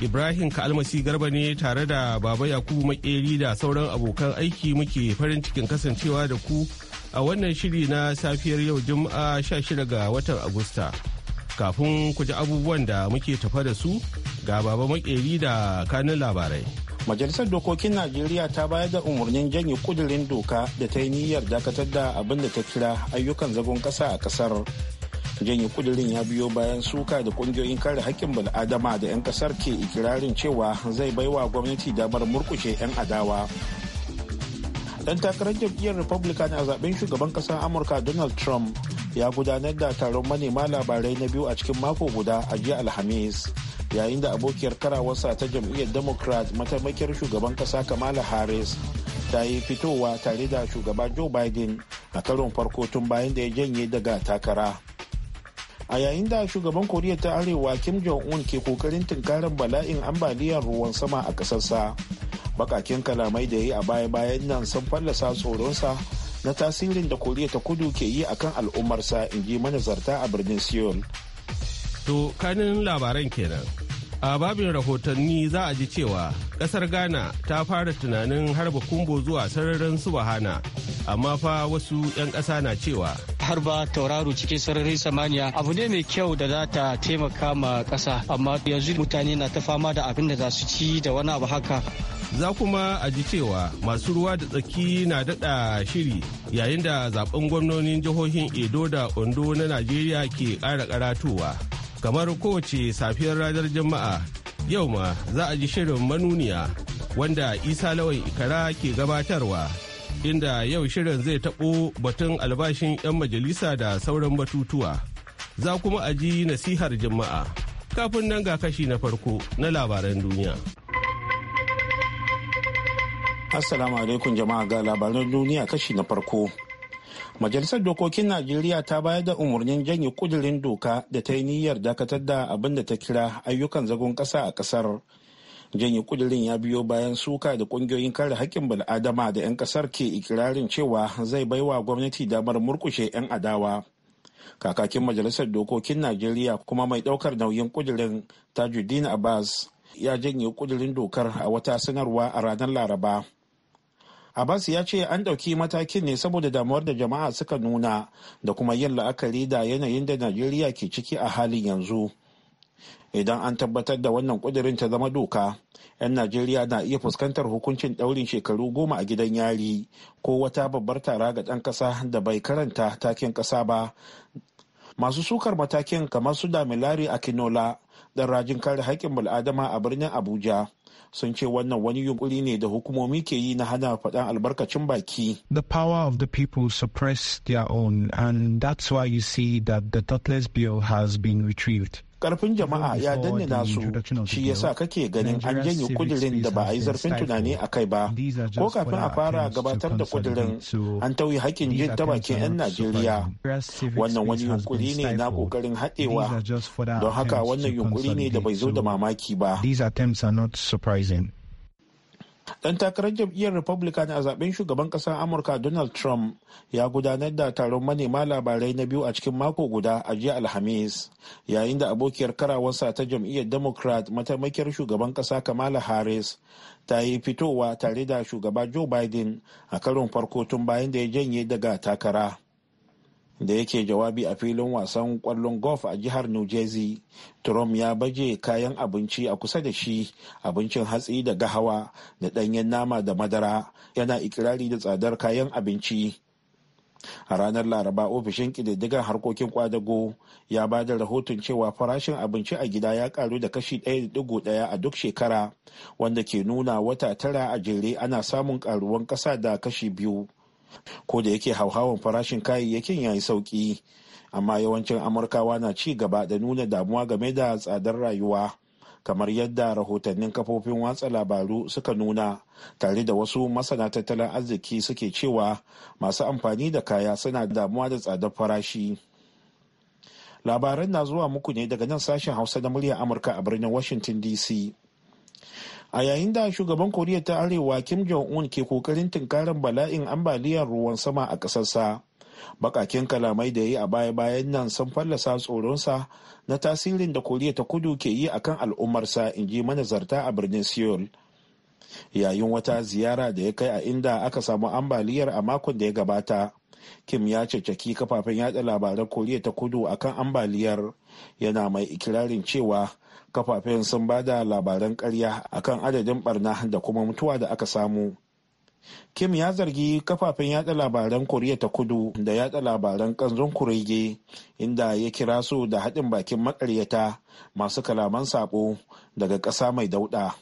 Ibrahim Kalmasi Garba ne tare da Baba Yakubu Makeri da sauran abokan aiki muke farin cikin kasancewa da ku a wannan shiri na safiyar yau Juma'a 16 ga watan Agusta. Kafin ku ji abubuwan da muke tafa da su ga Baba Makeri da kanin labarai. Majalisar Dokokin Najeriya ta bayar da umarnin janye kudirin doka da ta yi niyyar dakatar da abin da ta kira ayyukan zagon ƙasa a ƙasar. janye kudirin ya biyo bayan suka da kungiyoyin kare haƙƙin bal'adama da 'yan kasar ke ikirarin cewa zai baiwa gwamnati damar murkushe 'yan adawa dan takarar jam'iyyar republican a zaben shugaban ƙasar amurka donald trump ya gudanar da taron manema labarai na biyu a cikin mako guda a jiya alhamis yayin da abokiyar karawarsa ta jam'iyyar democrat mataimakiyar shugaban ƙasa kamala harris ta yi fitowa tare da shugaba joe biden a karon farko tun bayan da ya janye daga takara a yayin da shugaban koriya ta arewa kim jong-un ke kokarin tunkarar bala'in ambaliyar ruwan sama a ƙasarsa bakakin kalamai da ya yi a baya-bayan nan sun fallasa tsoronsa na tasirin da koriya ta kudu ke yi a kan al'ummarsa in ji manazarta a birnin seoul to kanin labaran kenan a babin rahotanni za a ji cewa kasar ghana ta fara tunanin harba kumbo zuwa sararin subahana amma fa wasu 'yan ƙasa na cewa har ba tauraro cikin sararin samaniya abu ne mai kyau da za ta taimaka ma ƙasa amma yanzu mutane na ta fama da abin da za su ci da wani abu haka za kuma a ji cewa masu ruwa da tsaki na daɗa shiri yayin da zaben gwamnonin jihohin edo da ondo na najeriya ke ƙara karatowa kamar kowace safiyar ranar jama'a yau ma za a ji shirin manuniya wanda isa lawan ikara ke gabatarwa inda yau shirin zai taɓo batun albashin 'yan majalisa da sauran batutuwa. Za kuma a ji nasihar jama'a. Kafin nan ga kashi na farko na labaran duniya. Assalamu alaikum jama'a ga labaran duniya kashi na farko. Majalisar Dokokin Najeriya ta bayar da umarnin janye kudirin doka da ta yi niyyar dakatar da abin da ta kira ayyukan zagon ƙasa a ƙasar janye kudirin ya biyo bayan suka da kungiyoyin kare haƙƙin bil'adama da 'yan ƙasar ke ikirarin cewa zai baiwa gwamnati damar murkushe 'yan adawa kakakin majalisar dokokin najeriya kuma mai ɗaukar nauyin kudirin tajuddin abbas ya janye kudirin dokar a wata sanarwa a ranar laraba abbas ya ce an ɗauki matakin ne saboda damuwar da jama'a suka nuna da kuma yin la'akari da yanayin da najeriya ke ciki a halin yanzu idan an tabbatar da wannan kudirin ta zama doka 'yan najeriya na iya fuskantar hukuncin daurin shekaru goma a gidan yari ko wata babbar tara ga ɗan ƙasa da bai karanta takin ƙasa ba masu sukar matakin kamar su damilari akinola ɗan rajin kare haƙƙin bul'adama a birnin abuja sun ce wannan wani yunkuri ne da hukumomi ke yi na hana faɗan albarkacin baki. The power of the people suppress their own and that's why you see that the Totless bill has been retrieved. karfin jama'a ya danne nasu shi yasa kake ganin an janye kudirin da ba a yi zarfin tunani a kai ba ko kafin a fara gabatar da kudirin an tauye hakkin jin ta bakin 'yan najeriya wannan wani yunkuri ne na kokarin haɗewa don haka wannan yunkuri ne da bai zo da mamaki ba Ɗan takarar jam'iyyar Republican a zaben shugaban ƙasar Amurka Donald Trump ya gudanar da taron manema labarai na biyu a cikin mako guda a jiya Alhamis, yayin da abokiyar karawarsa ta jam'iyyar Democrat mataimakiyar shugaban ƙasa Kamala Harris ta yi fitowa tare da shugaba Joe Biden a karon farko tun bayan da ya janye daga takara. da yake jawabi a filin wasan kwallon golf a jihar new jersey trump ya baje kayan abinci a kusa da shi abincin hatsi da gahawa da ɗanyen nama da madara yana ikirari da tsadar kayan abinci a ranar laraba ofishin ƙididdigar harkokin kwadago ya ba da rahoton cewa farashin abinci a gida ya karu da kashi 1.1 a duk shekara wanda ke nuna wata tara a jere ana samun karuwan ƙasa da kashi biyu ko da yake hauhawan farashin kayayyakin ya yi sauki amma yawancin amurkawa na ci gaba da nuna damuwa game da tsadar rayuwa kamar yadda rahotannin kafofin watsa labaru suka nuna tare da wasu masana tattalin arziki suke cewa masu amfani da kaya suna damuwa da tsadar farashi labaran na zuwa muku ne daga nan sashen hausa na murya amurka a birnin washington dc a yayin da shugaban koriya ta arewa kim jong-un ke kokarin tunkarin bala'in ambaliyar ruwan sama a ƙasarsa bakakin kalamai da ya yi a baya-bayan nan sun fallasa tsoronsa na tasirin da koriya ta kudu ke yi akan al'ummarsa in ji manazarta a birnin seoul yayin wata ziyara da ya kai a inda aka samu ambaliyar a makon da ya gabata kim ya caccaki kafafen yada labaran koriya ta kudu akan ambaliyar yana mai ikirarin cewa kafafen sun ba da labaran karya akan adadin barna da kuma mutuwa da aka samu kim ya zargi kafafen yada labaran koriya ta kudu da yada labaran kanzon kurege inda ya kira su da haɗin bakin makaryata masu kalaman sabo daga ƙasa mai dauɗa.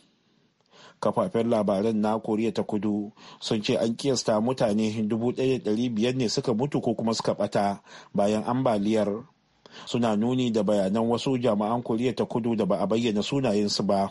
kafafen labaran na koriya ta kudu sun ce an kiyasta mutane dubu biyar ne suka mutu ko kuma suka bata bayan ambaliyar suna nuni da bayanan wasu jami'an koriya ta kudu da ba a bayyana sunayensu ba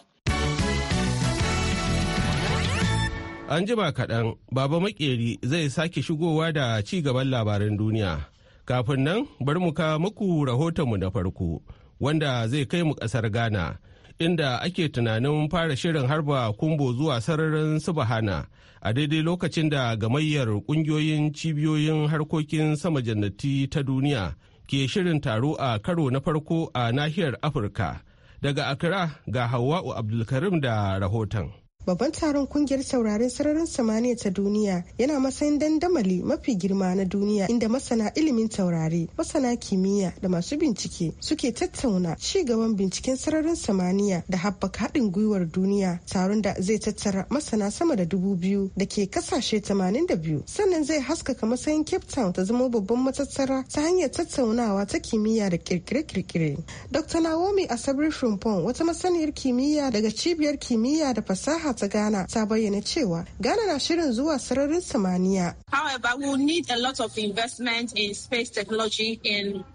an jima kaɗan baba makeri zai sake shigowa da ci gaban labaran duniya kafin nan bari mu ka muku mu na farko wanda zai kai mu ƙasar ghana inda ake tunanin fara shirin harba kumbo zuwa sararin subahana a daidai lokacin da gamayyar kungiyoyin cibiyoyin harkokin sama jannati ta duniya ke shirin taro a karo na farko a nahiyar afirka daga accra ga hawa'u abdulkarim da rahoton babban taron kungiyar saurarin sararin samaniya ta duniya yana matsayin dandamali mafi girma na duniya inda masana ilimin taurari masana kimiyya da masu bincike suke tattauna ci gaban binciken sararin samaniya da haɓaka haɗin gwiwar duniya taron da zai tattara masana sama da dubu biyu da ke ƙasashe tamanin da biyu sannan zai haskaka matsayin cape town ta zama babban matattara ta hanyar tattaunawa ta kimiyya da kirkire-kirkire dr Nawomi asabri shumpon wata masaniyar kimiyya daga cibiyar kimiyya da fasaha ta Ghana ta bayyana cewa Ghana na shirin zuwa sararin samaniya.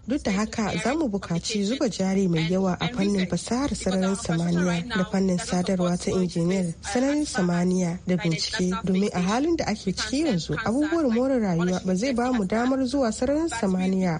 Duk da haka za mu bukaci zuba jari mai yawa a fannin fasahar sararin samaniya da fannin sadarwa ta injiniyar sararin samaniya da bincike domin a halin da ake ciki yanzu abubuwan more rayuwa ba zai ba mu damar zuwa sararin samaniya.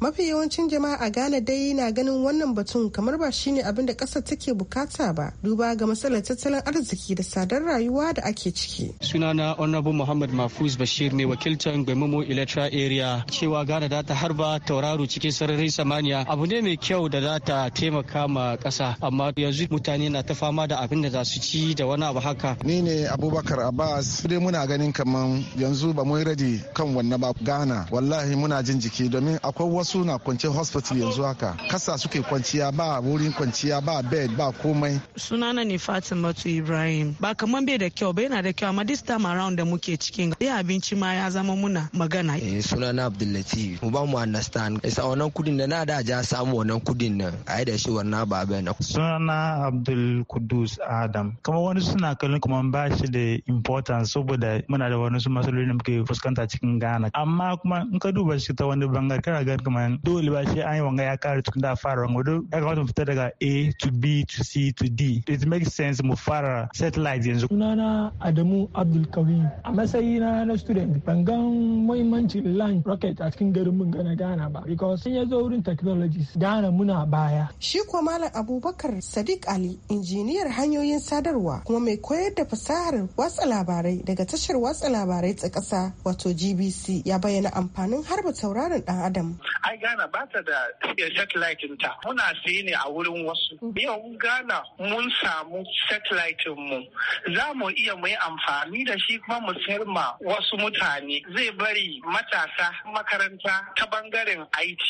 mafi yawancin jama'a a ghana dai na ganin wannan batun kamar ba shine abin da ƙasar take bukata ba duba ga matsalar tattalin arziki da sadar rayuwa da ake ciki sunana honorable muhammad mafuz bashir ne wakiltar gwamnati electoral area cewa ghana da ta harba tauraro cikin sararin samaniya abu ne mai kyau da za ta taimaka ma ƙasa amma yanzu mutane na ta fama da abin da za su ci da wani abu haka ni ne abubakar abbas dai muna ganin kaman yanzu ba mu radi kan wannan ba ghana wallahi muna jin jiki domin akwai wasu su na kwanciyar hospital yanzu haka kasa suke kwanciya ba wurin kwanciya ba bed ba komai sunana ne fatimatu ibrahim ba kaman bai da kyau ba yana da kyau amma this time around da muke cikin ya abinci ma ya zama muna magana eh sunana abdullatif mu ba mu understand isa wannan kudin da na da ja samu wannan kudin nan ai da shi wannan ba bai na sunana abdul kudus adam kamar wani suna kallon kuma ba shi da importance saboda muna da wani su matsaloli da muke fuskanta cikin ghana amma kuma in ka duba shi ta wani bangare kana ga kamar kaman dole ba shi an yi wanga ya kare tukun da fara wanga ya kamata mu fita daga A to B to C to D it makes sense mu fara satellite yanzu sunana Adamu Abdul kawin. a matsayi na student ban ga muhimmancin launch rocket a cikin garin mun gana Ghana ba because sun ya zo wurin technologies Ghana muna baya shi kuwa malam Abubakar Sadiq Ali injiniyar hanyoyin sadarwa kuma mai koyar da fasahar watsa labarai daga tashar watsa labarai ta ƙasa wato GBC ya bayyana amfanin harba tauraron dan adam ai Gana ba ta da satellite ta muna siye ne a wurin wasu yau Gana mun samu satellite mu za mu iya mu yi amfani da shi kuma mu sayar ma wasu mutane zai bari matasa makaranta ta bangaren IT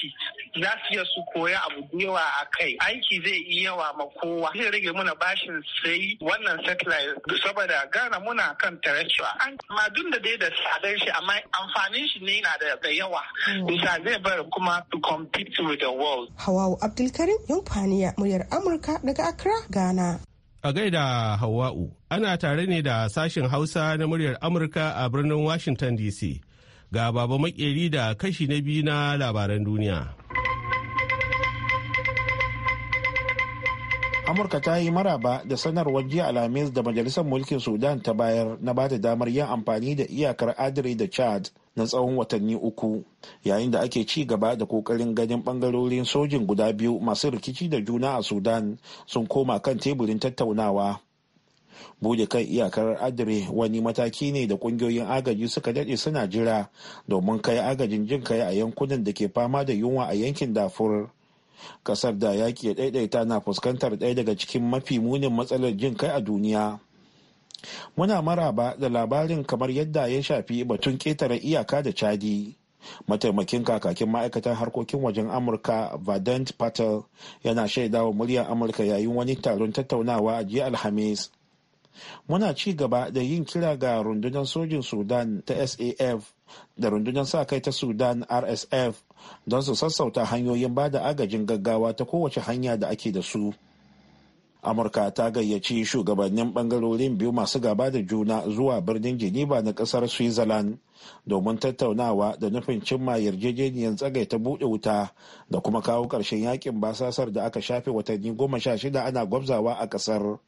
za su iya su koya abu yawa a kai aiki zai yi yawa ma kowa zai rage muna bashin sai wannan satellite saboda Gana muna kan terrestrial an ma dun da dai da tsadar shi amma amfanin shi ne yana da yawa mm. bisa zai bar kuma kuma to compete with the world. Hawawu Abdulkarim Yumfaniya muryar Amurka daga Accra, Ghana. A gaida Hawa'u, ana tare ne da sashen Hausa na muryar Amurka a birnin Washington DC. Ga baba makeri da kashi na biyu na labaran duniya. amurka ta yi maraba da sanarwar jiya alhamis da majalisar mulkin sudan ta bayar na bata damar yin amfani da iyakar adire da chad na tsawon watanni uku yayin da ake ci gaba da kokarin ganin bangarorin sojin guda biyu masu rikici da juna a sudan sun koma kan teburin tattaunawa bude kan iyakar adire wani mataki ne da kungiyoyin agaji suka dade suna jira domin kai agajin jin kai a yankunan da ke fama da yunwa a yankin dafur kasar da yaƙi ya ɗaiɗaita na fuskantar ɗaya daga cikin mafi munin matsalar jin kai a duniya muna maraba da labarin kamar yadda ya shafi batun ƙetare iyaka da chadi mataimakin kakakin ma'aikatan harkokin wajen amurka vadant patel yana shaidawa muryar amurka yayin wani taron tattaunawa a jiya alhamis muna ci gaba da yin kira ga rundunar sojin sudan ta saf da rundunar sa kai ta sudan rsf don su sassauta hanyoyin ba da agajin gaggawa ta kowace hanya da ake da su amurka ta gayyaci shugabannin bangarorin biyu masu gaba da juna zuwa birnin geneva na kasar switzerland domin tattaunawa da nufin cimma yarjejeniyar tsagaita buɗe wuta da kuma kawo ƙarshen yakin basasar da aka shafe watanni goma sha shida ana gwabzawa a ƙasar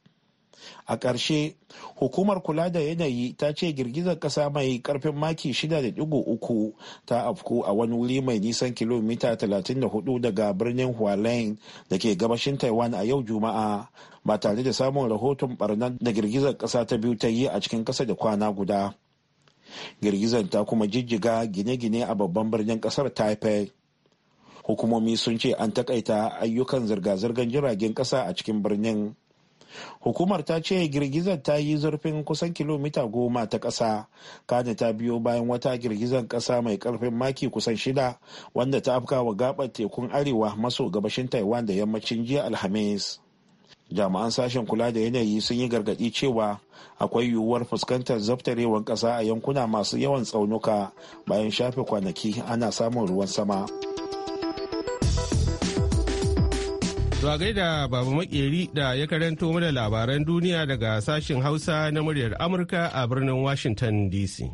a ƙarshe hukumar kula da yanayi ta ce girgizar ƙasa mai ƙarfin maki 6.3 ta afku a wani wuri mai nisan kilomita 34 daga birnin hualien da ke gabashin taiwan a yau juma'a ba tare da samun rahoton barnar da girgizar ƙasa ta biyu ta yi a cikin ƙasa da kwana guda girgizar ta kuma jijjiga gine-gine a babban birnin ƙasar taipei hukumomi sun ce an takaita ayyukan zirga-zirgar jiragen ƙasa a cikin birnin hukumar ta ce girgizar ta yi zurfin kusan kilomita goma ta ƙasa kana ta biyo bayan wata girgizar ƙasa mai ƙarfin maki kusan shida wanda ta afka wa gabar tekun arewa maso gabashin taiwan da yammacin jiya alhamis jami'an sashen kula da yanayi sun yi gargaɗi cewa akwai yiwuwar fuskantar zaftarewar ƙasa a yankuna masu yawan tsaunuka bayan shafe kwanaki ana samun ruwan sama. To da gaida Baba Makeri da ya karanto mana labaran duniya daga sashen Hausa na muryar Amurka a birnin Washington DC.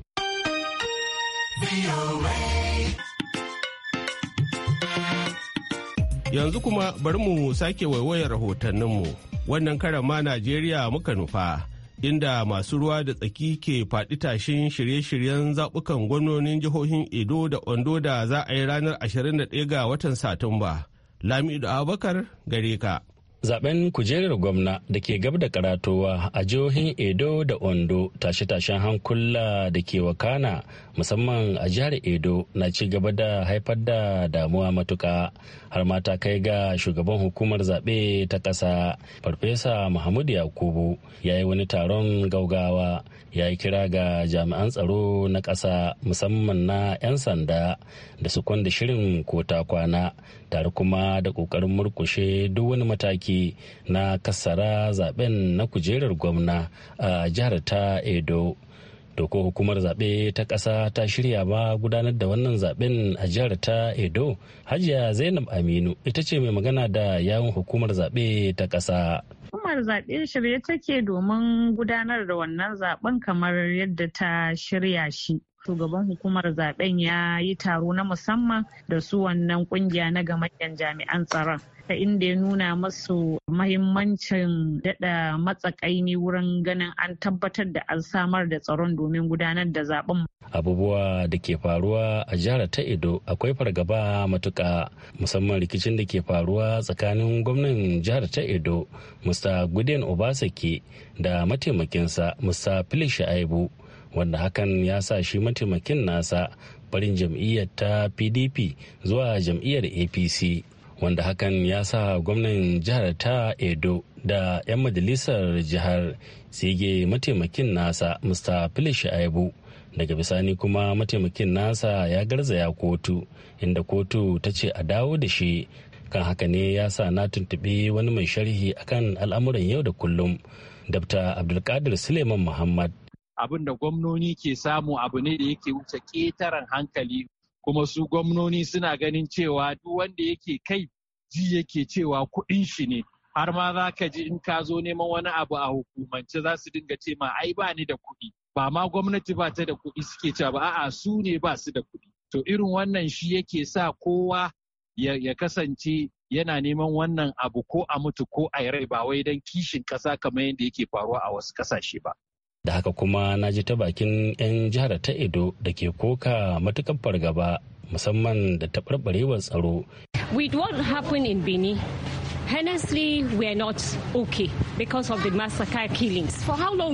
Yanzu kuma bari mu sake waiwayar rahotanninmu. Wannan karan ma Najeriya muka nufa. Inda masu ruwa da tsaki ke faɗi tashin shirye-shiryen zaɓukan gwamnonin jihohin Edo da Ondo da za a yi ranar 21 ga watan Satumba. Lamidu Abubakar gare ka. zaben kujerar gwamna da ke gab da karatowa a jihohin edo da ondo tashe-tashen hankula da ke wakana musamman a jihar edo na ci gaba da haifar da damuwa matuka har mata kai ga shugaban hukumar zaɓe ta ƙasa farfesa muhammadu yakubu ya yi wani taron gaugawa ya yi kira ga jami'an tsaro na ƙasa musamman na 'yan sanda da su kwanda shirin kota kwana tare kuma da ƙoƙarin murkushe duk wani mataki ake na kassara zaben na kujerar gwamna a jihar ta edo doko hukumar zaɓe ta ƙasa ta shirya ba gudanar da wannan zaɓen a jihar ta edo hajiya zainab aminu ita ce mai magana da yawun hukumar zaɓe ta ƙasa hukumar zaɓe shirye take domin gudanar da wannan zaɓen kamar yadda ta shirya shi shugaban hukumar zaben ya yi taro na musamman da su wannan kungiya na ga manyan jami'an tsaron ta inda ya nuna masu mahimmancin dada matsakaini wurin ganin an tabbatar da an samar da tsaron domin gudanar da zaben abubuwa da ke faruwa a jihar ta edo akwai fargaba matuka musamman rikicin da ke faruwa tsakanin gwamnan jihar ta edo musta guden obasake da mataimakinsa musta philip sha'aibu wanda hakan ya sa shi mataimakin nasa barin jam'iyyar ta pdp zuwa jam'iyyar apc wanda hakan ya sa gwamnan jihar ta edo da 'yan majalisar jihar sige mataimakin nasa mr filish aibu daga bisani kuma mataimakin nasa ya garzaya kotu inda kotu ta ce a dawo da shi kan haka ne ya sa na tuntuɓi wani mai sharhi akan al'amuran yau da kullum dr abdulkadir suleiman muhammad abin da gwamnoni ke samu abu ne da yake wuce ƙetaren hankali kuma su gwamnoni suna ganin cewa duk wanda yake kai ji yake cewa kuɗin shi ne har ma za ka ji in ka zo neman wani abu a hukumance za su dinga ce ma ai ba ni da kuɗi ba ma gwamnati ba ta da kuɗi suke cewa ba a'a su ne ba su da kuɗi to irin wannan shi yake sa kowa ya kasance yana neman wannan abu ko a mutu ko a rai ba wai don kishin ƙasa kamar yadda yake faruwa a wasu ƙasashe ba. da haka kuma na ji ta bakin 'yan jihar ta edo da ke koka matukar fargaba musamman da taɓarɓarewar tsaro. With what happened in Benin, Honestly, we not okay because of the massacre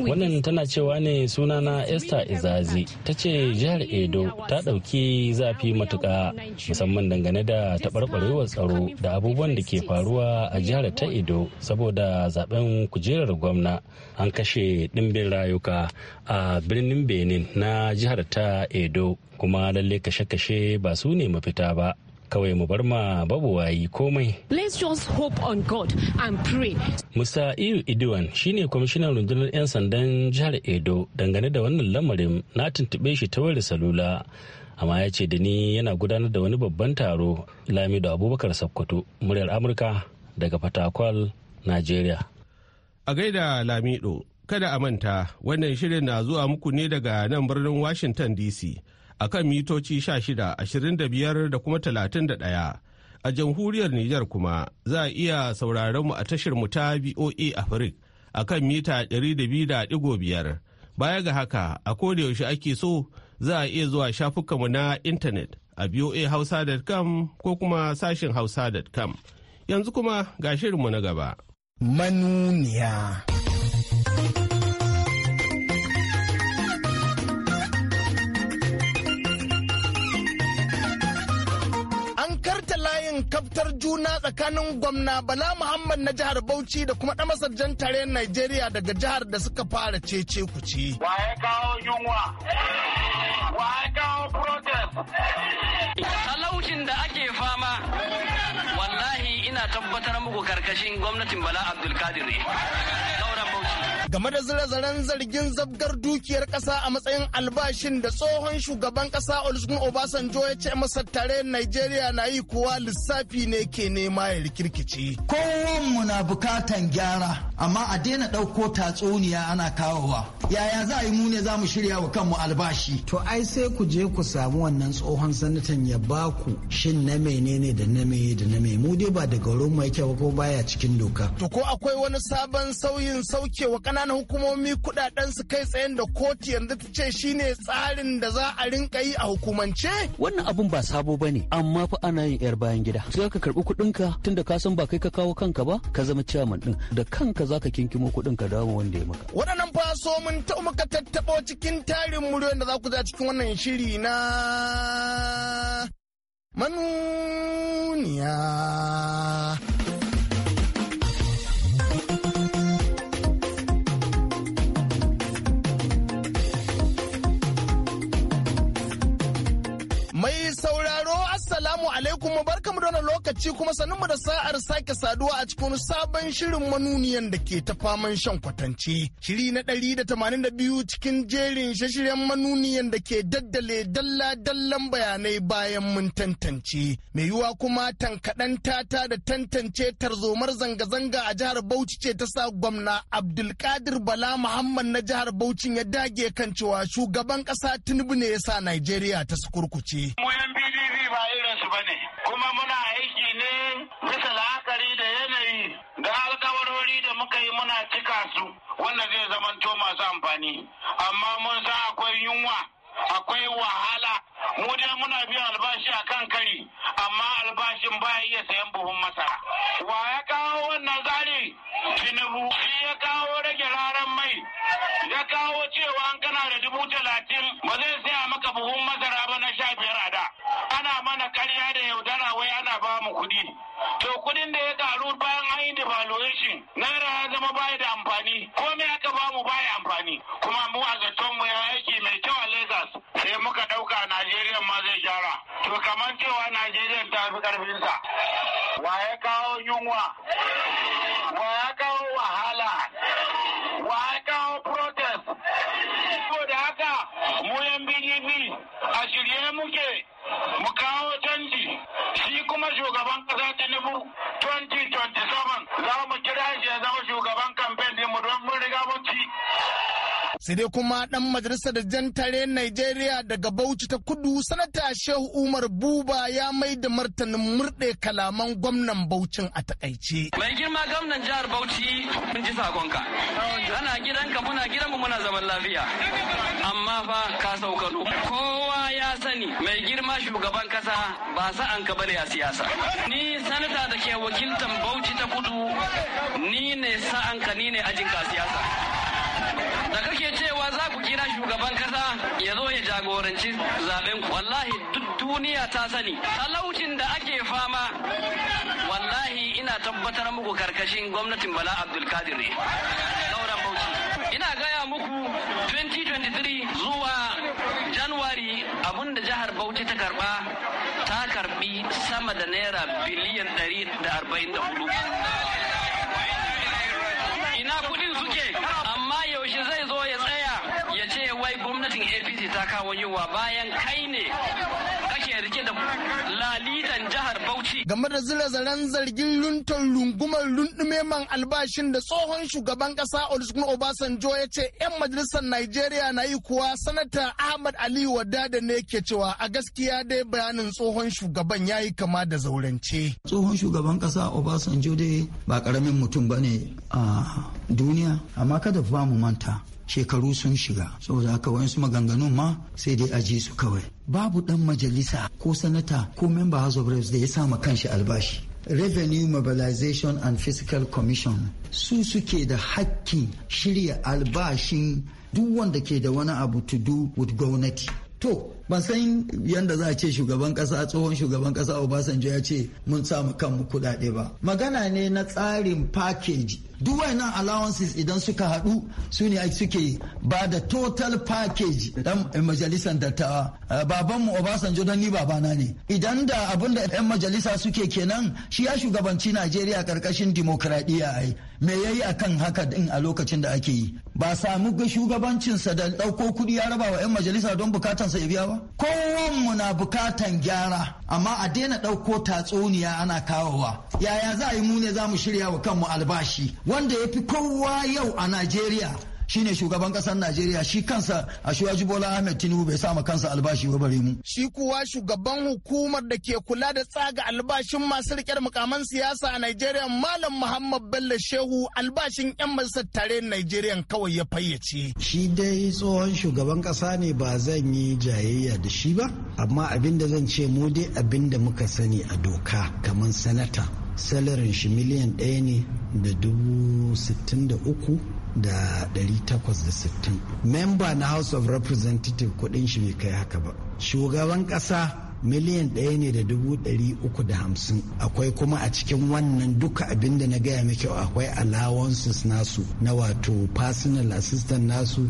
Wannan tana cewa ne sunana Esther Izazi. Ta ce jihar Edo ta ɗauki zafi matuƙa musamman dangane da taɓarɓarewar tsaro da abubuwan da ke faruwa a jihar ta Edo saboda zaben kujerar gwamna an kashe ɗimbin rayuka a birnin Benin na jihar ta Edo. kuma lalle kashe-kashe ba su ne mafita ba kawai mu bar ma babu wayi komai. Let's just hope on God and pray. Musa Iru Idiwan shine kwamishinan rundunar 'yan sandan jihar Edo dangane da wannan lamarin na tuntube shi ta wayar salula. Amma ya ce da ni yana gudanar da wani babban taro Lamido Abubakar Sakkwato muryar Amurka daga Fatakwal, Najeriya. A gaida Lamido, kada a manta wannan shirin na zuwa muku ne daga nan birnin Washington DC. a kan mitoci 16, 25 da kuma 31. A jamhuriyar Nijar kuma za a iya sauraron mu a tashar mu ta VOA afirik a kan mita 200.5. Baya ga haka, a yaushe ake so za a iya zuwa shafukanmu na intanet a voahausa.com ko kuma sashin hausa.com. Yanzu kuma ga shirinmu na gaba. Manuniya. kaftar juna tsakanin gwamna Bala Muhammad na jihar Bauchi da kuma ɗan jan tarayyar Najeriya daga jihar da suka fara cece kuci. Wa kawo yunwa? Wa kawo protest? Talaucin da ake fama wallahi ina tabbatar muku karkashin gwamnatin Bala Abdulkadir ne. game da zirazaren zargin zabgar dukiyar kasa a matsayin albashin da tsohon shugaban kasa Olusegun Obasanjo ya ce masa tare Najeriya na yi kowa lissafi ne ke nema ya rikirkice. Kowanmu na bukatan gyara amma a daina ɗauko tatsuniya ana kawowa yaya za a yi mune za mu shirya wa kanmu albashi to ai sai ku je ku samu wannan tsohon sanatan ya ba ku shin na menene da na meye da na mu dai ba daga wurin mai kyau ko baya cikin doka to ko akwai wani sabon sauyin saukewa kananan hukumomi kudaden su kai tsayen da kotu yanzu ta ce shine tsarin da za a rinka yi a hukumance wannan abun ba sabo bane amma fa ana yin yar bayan gida sai ka karbi kuɗinka tunda ka san ba kai ka kawo kanka ba ka zama ciyaman din da kanka za ka kinkimo kuɗin ka dawo wanda ya maka waɗannan fa so mun ta muka tattaɓo cikin tarin muryoyin da za ku za cikin wannan shiri na manuniya lokaci kuma mu da sa'ar sake saduwa a cikin sabon shirin manuniyan da ke ta faman shan kwatance. Shiri na ɗari da tamanin da biyu cikin jerin shashiryan manuniyan da ke daddale dalla-dallan bayanai bayan mun tantance. Mai yiwuwa kuma tankaɗan tata da tantance tarzomar zanga-zanga a jihar Bauchi ce ta sa gwamna Abdulkadir Bala Muhammad na jihar Bauchi ya dage kan cewa shugaban ƙasa Tinubu ne ya sa Najeriya ta sukurkuce. kurkuce. ba ne kuma muna aiki ne bisa la'akari da yanayi da alkawarori da muka yi muna cika su wanda zai zamanto masu amfani amma mun san akwai yunwa akwai wahala mu dai muna biyan albashi a kan kari amma albashin ba iya sayan buhun masara wa ya kawo wannan zari tinubu shi ya kawo rage raran mai ya kawo cewa an kana da dubu talatin ba zai saya maka buhun masara ba na karfinsa wa ya kawo yunwa wa ya kawo wahala wa ya kawo protest ko da haka mu yan bdp a shirye muke mu kawo canji shi kuma shugaban kasa sai dai kuma dan majalisar da jan tare Najeriya daga Bauchi ta Kudu sanata Shehu Umar Buba ya mai da martanin murɗe kalaman gwamnan Bauchin a takaice. Mai girma gwamnan jihar Bauchi mun ji sakonka. Ana gidanka muna gidanmu muna zaman lafiya. Amma fa ka sauka Kowa ya sani mai girma shugaban kasa ba sa'an ka bane a siyasa. Ni sanata da ke wakiltan Bauchi ta Kudu ni ne sa'an ka ni ne ajin ka siyasa. da kake cewa za ku kira shugaban kasa ya zo ya jagoranci zaben wallahi duk duniya ta sani talaucin da ake fama wallahi ina tabbatar muku karkashin gwamnatin bala kadir ne dauran bauchi ina gaya muku 2023 zuwa January abun da jihar bauchi ta karba ta karbi sama da naira biliyan 144 ina kudin suke ce ta kawo bayan kai ne kake rike da lalitan jihar Bauchi. Game da zira-zaren zargin luntar rungumar lundume man albashin da tsohon shugaban kasa Olusegun Obasanjo ya ce 'yan majalisar Najeriya na yi kuwa sanata Ahmad Ali Wadada ne ke cewa a gaskiya dai bayanin tsohon shugaban ya yi kama da zaurance. Tsohon shugaban kasa Obasanjo dai ba karamin mutum ba ne a duniya amma kada ba mu manta shekaru sun shiga saboda haka wayansu maganganun ma sai dai a su kawai babu dan majalisa ko sanata ko member house of reps da ya sama kanshi albashi revenue mobilization and fiscal commission su suke da hakkin shirya albashin duk wanda ke da wani abu to do with gwamnati to ban san yanda za a ce shugaban kasa tsohon shugaban kasa Obasanjo ya ce mun samu kanmu kudade ba magana ne na tsarin package duk wayannan allowances idan suka haɗu su ne suke ba da total package dan eh, majalisar dattawa eh, babanmu obasanjo don ni babana ne idan da abin da 'yan majalisa suke kenan shi ya shugabanci najeriya karkashin dimokuraɗiyya ai me yayi akan haka din a lokacin da ake yi ba samu shugabancinsa da ɗauko kuɗi ya raba wa 'yan majalisa don bukatansa ya biya ba kowanmu na bukatan gyara amma a daina ɗauko tatsuniya ana kawowa yaya za a yi mu ne za mu shirya wa kanmu albashi wanda ya fi kowa yau a najeriya Shi ne shugaban kasar Najeriya shi kansa a shuwaji Bola Ahmed Tinubu bai sa kansa albashi ba bare mu. Shi kuwa shugaban hukumar da ke kula da tsaga albashin masu riƙar mukaman siyasa a Najeriya Malam Muhammad Bello Shehu albashin 'yan majalisar tare Najeriya kawai ya fayyace. Shi dai tsohon shugaban kasa ne ba zan yi jayayya da shi ba amma abin da zan ce mu dai abin da muka sani a doka kamar sanata salarin shi miliyan ɗaya ne da dubu sittin da uku da 860 memba na house of representative kudin shi bai kai haka ba shugaban kasa miliyan ɗaya ne da dubu ɗari uku da hamsin akwai kuma a cikin wannan duka abinda na gaya miki akwai allowances nasu na wato personal assistant nasu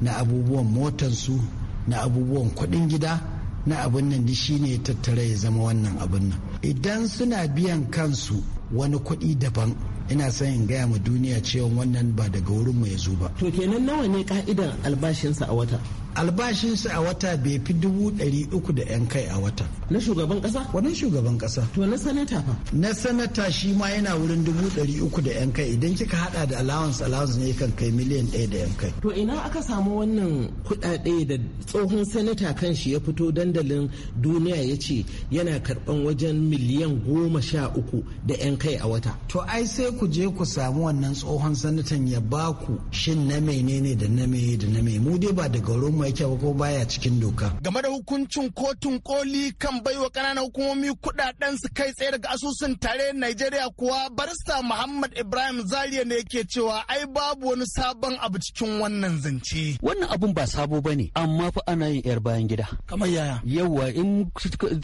na abubuwan motansu na abubuwan kuɗin gida na abin nan da shi ne tattara ya zama wannan abin nan idan suna biyan kansu wani kuɗi daban ina son in gaya ma duniya cewa wannan ba daga wurin mu ya zo ba to kenan nawa ne ka'idan albashinsa a wata albashinsa a wata bai fi dubu ɗari uku da yan kai a wata na shugaban kasa wannan shugaban kasa to na sanata fa na sanata shi ma yana wurin dubu ɗari uku da yan kai idan kika hada da allowance allowance ne kan kai miliyan ɗaya da yan kai to ina aka samu wannan kuɗaɗe da tsohon sanata kan shi ya fito dandalin duniya ya ce yana karɓan wajen miliyan goma sha uku da yan kai a wata to ai sai ku je ku samu wannan tsohon sanatan ya ba ku shin na menene da na meye da na me mu dai ba daga wurin mu yake ba ko baya cikin doka game da hukuncin kotun koli kan an baiwa kananan hukumomi kudaden su kai tsaye daga asusun tare Najeriya kuwa barista Muhammad Ibrahim zaria ne yake cewa ai babu wani sabon abu cikin wannan zance. Wannan abun ba sabo bane amma fa ana yin yar bayan gida. Kamar yaya? Yawwa in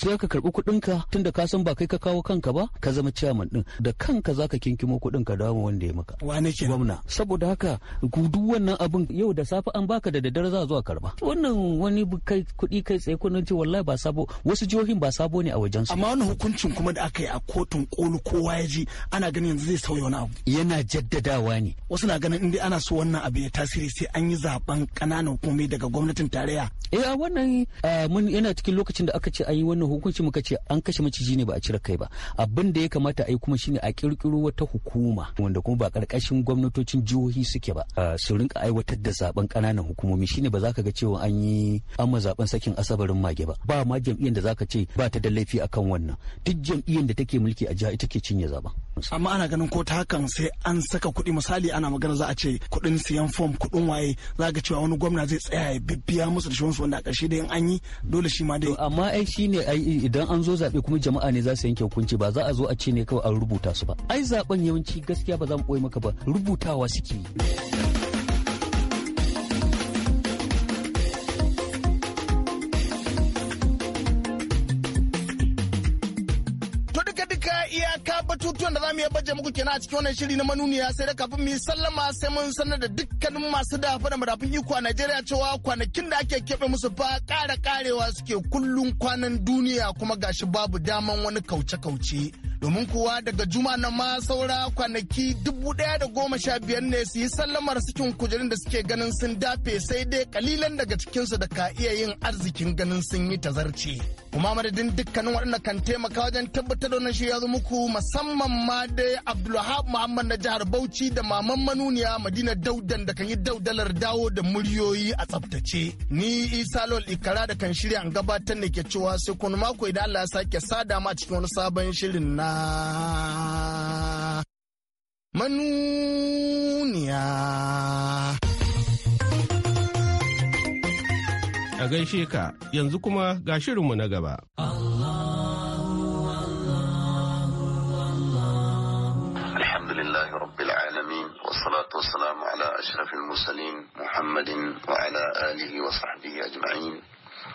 za ka karbi kuɗinka tunda ka san ba kai ka kawo kanka ba ka zama ciyaman din da kanka za ka kinkimo kuɗin ka dawo wanda ya maka. Wane ke? Gwamna. Saboda haka gudu wannan abun yau da safe an baka da daddare za zuwa karba. Wannan wani kai kuɗi kai tsaye kunan ce wallahi ba sabo wasu jihohi laifofin ba sabo ne a wajen su amma wani hukuncin kuma da aka yi a kotun kolu kowa ya ji ana ganin yanzu zai sauya wani abu yana jaddadawa ne wasu na ganin inda ana so wannan abu ya tasiri sai an yi zaben ƙananan hukumomi daga gwamnatin tarayya eh a wannan mun yana cikin lokacin da aka ce an yi wannan hukunci muka ce an kashe maciji ne ba a cire kai ba abin da ya kamata a yi kuma shine a kirkiro wata hukuma wanda kuma ba ƙarƙashin gwamnatocin jihohi suke ba su rinka aiwatar da zaben ƙananan hukumomi shine ba za ka ga cewa an yi an ma zaben sakin asabarin mage ba ba ma jam'iyyar da za ka ce ba ta da laifi akan wannan duk jam'iyyar da take mulki a jiha ita ke cinye zaba. amma ana ganin ko ta hakan sai an saka kuɗi misali ana magana za a ce kuɗin siyan fom kuɗin waye za ka cewa wani gwamna zai tsaya ya bibbiya musu da shi wanda a ƙarshe da in an yi dole shi ma dai amma ai shine ai idan an zo zaɓe kuma jama'a ne za su yanke hukunci ba za a zo a ce ne kawai an rubuta su ba ai zaben yawanci gaskiya ba za mu ɓoye maka ba rubutawa suke yi muku kenan a cikin wannan shiri na manuniya sai da kafin mu yi sallama sai mun sanar da dukkanin masu dafa da madafin iko a Najeriya cewa kwanakin da ake keɓe musu ba ƙara ƙarewa suke kullun kwanan duniya kuma gashi babu daman wani kauce-kauce. domin kuwa daga juma na ma saura kwanaki dubu daya da goma sha biyar ne su yi sallamar cikin kujerun da suke ganin sun dafe sai dai kalilan daga cikinsu da ka iya yin arzikin ganin sun yi tazarci. kuma madadin dukkanin waɗanda kan taimaka wajen tabbatar da shi ya zo muku musamman ma dai abdulwahab muhammad na jihar bauchi da maman manuniya madina daudan da kan yi daudalar dawo da muryoyi a tsaftace ni isa lol ikara da kan shirya an gabatar da ke cewa sai kun mako idan allah ya sake sada ma cikin wani sabon shirin na manuniya. A gaishe ka yanzu kuma ga mu na gaba. Alhamdulillahi Rabbil Alamin, wasalatu wasalamu ala ashirafin musalin Muhammadin wa ala alihi wa sahbihi ajma'in.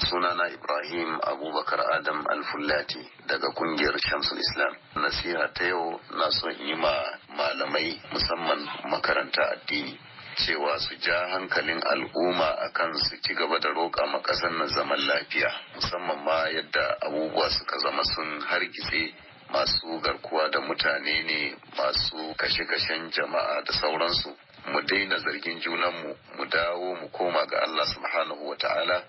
sunana ibrahim abubakar adam alfullati daga kungiyar shamsul islam nasiha ta yau na son yi ma malamai musamman makaranta addini cewa su ja hankalin al'umma akan su ci gaba da roƙa ma na zaman lafiya musamman ma yadda abubuwa suka zama sun hargitse masu garkuwa da mutane ne masu kashe-kashen jama'a da sauransu mu daina zargin junanmu mu dawo mu koma ga Allah subhanahu wa ta'ala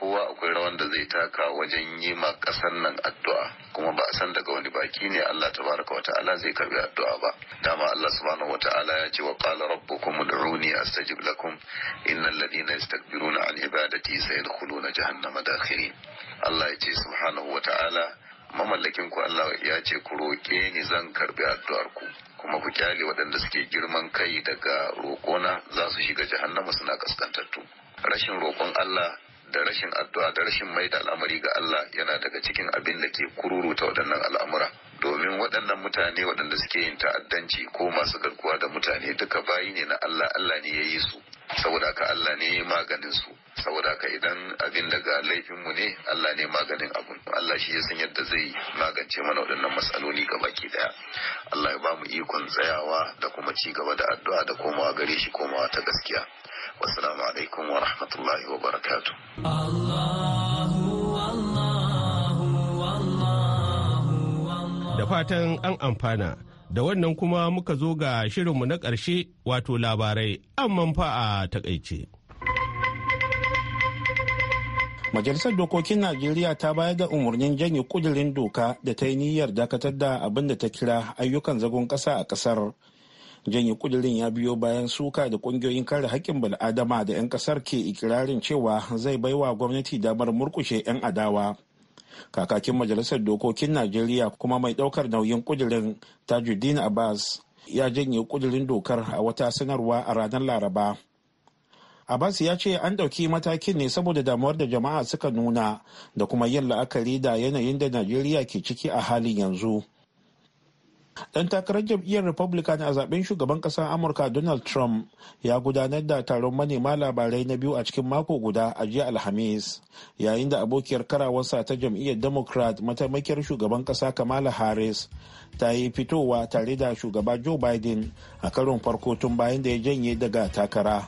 kowa akwai rawan da zai taka wajen yi ma ƙasar nan addu'a kuma ba a san daga wani baki ne Allah tabaraka wa ta'ala zai karbi addu'a ba dama Allah subhanahu wa ta'ala ya ce wa qala rabbukum ud'uni astajib lakum innal ladina yastakbiruna an ibadati sayadkhuluna jahannama dakhirin Allah ya ce subhanahu wa ta'ala mamallakin ku Allah ya ce ku roƙe ni zan karbi addu'ar ku kuma ku kyale waɗanda suke girman kai daga roƙona za su shiga jahannama suna kaskantattu rashin roƙon Allah da rashin addu'a da rashin mai da al'amari ga Allah yana daga cikin abin da ke kururuta waɗannan al'amura domin waɗannan mutane waɗanda suke yin ta'addanci ko masu garkuwa da mutane duka bayi ne na Allah Allah ne ya yi su saboda ka Allah ne ya maganin su saboda ka idan abin daga laifinmu ne Allah ne maganin abun Allah shi ya san yadda zai magance mana waɗannan matsaloli ga baki daya Allah ya ba mu ikon tsayawa da kuma ci gaba da addu'a da komawa gare shi komawa ta gaskiya wasalamu alaikum wa rahmatullahi wa barakatu. Da fatan an amfana, da wannan kuma muka zo ga shirinmu na ƙarshe wato labarai an manfa a takaice. Majalisar Dokokin Najeriya ta bayar da umarnin janye kudirin doka da ta yi niyyar dakatar da abin da ta kira ayyukan zagon ƙasa a ƙasar janye kudirin ya biyo bayan suka da kungiyoyin kare haƙƙin bal'adama da 'yan ƙasar ke ikirarin cewa zai baiwa gwamnati damar murkushe 'yan adawa kakakin majalisar dokokin najeriya kuma mai ɗaukar nauyin kudirin tajuddin abbas ya janye kudirin dokar a wata sanarwa a ranar laraba Abbas ya ce an ɗauki matakin ne saboda damuwar da jama'a suka nuna da kuma yin la'akari da yanayin da Najeriya ke ciki a halin yanzu. Dan takarar jam'iyyar Republican a zaben shugaban ƙasar Amurka Donald Trump ya gudanar da taron manema labarai na biyu a cikin mako guda a jiya Alhamis, yayin da abokiyar karawarsa ta jam'iyyar Democrat mataimakiyar shugaban ƙasa Kamala Harris ta yi fitowa tare da shugaba Joe Biden a karon farko tun bayan da ya janye daga takara.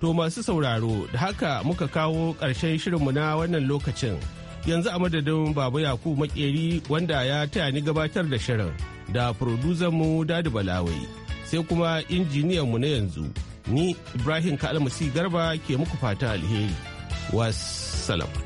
To masu sauraro, da haka muka kawo ƙarshen shirinmu na wannan lokacin. yanzu a madadin baba Yaku makeri wanda ya taya ni gabatar da shirin da mu dadi balawai sai kuma injiniyan mu na yanzu ni ibrahim kalmasi garba ke muku fata alheri wassalam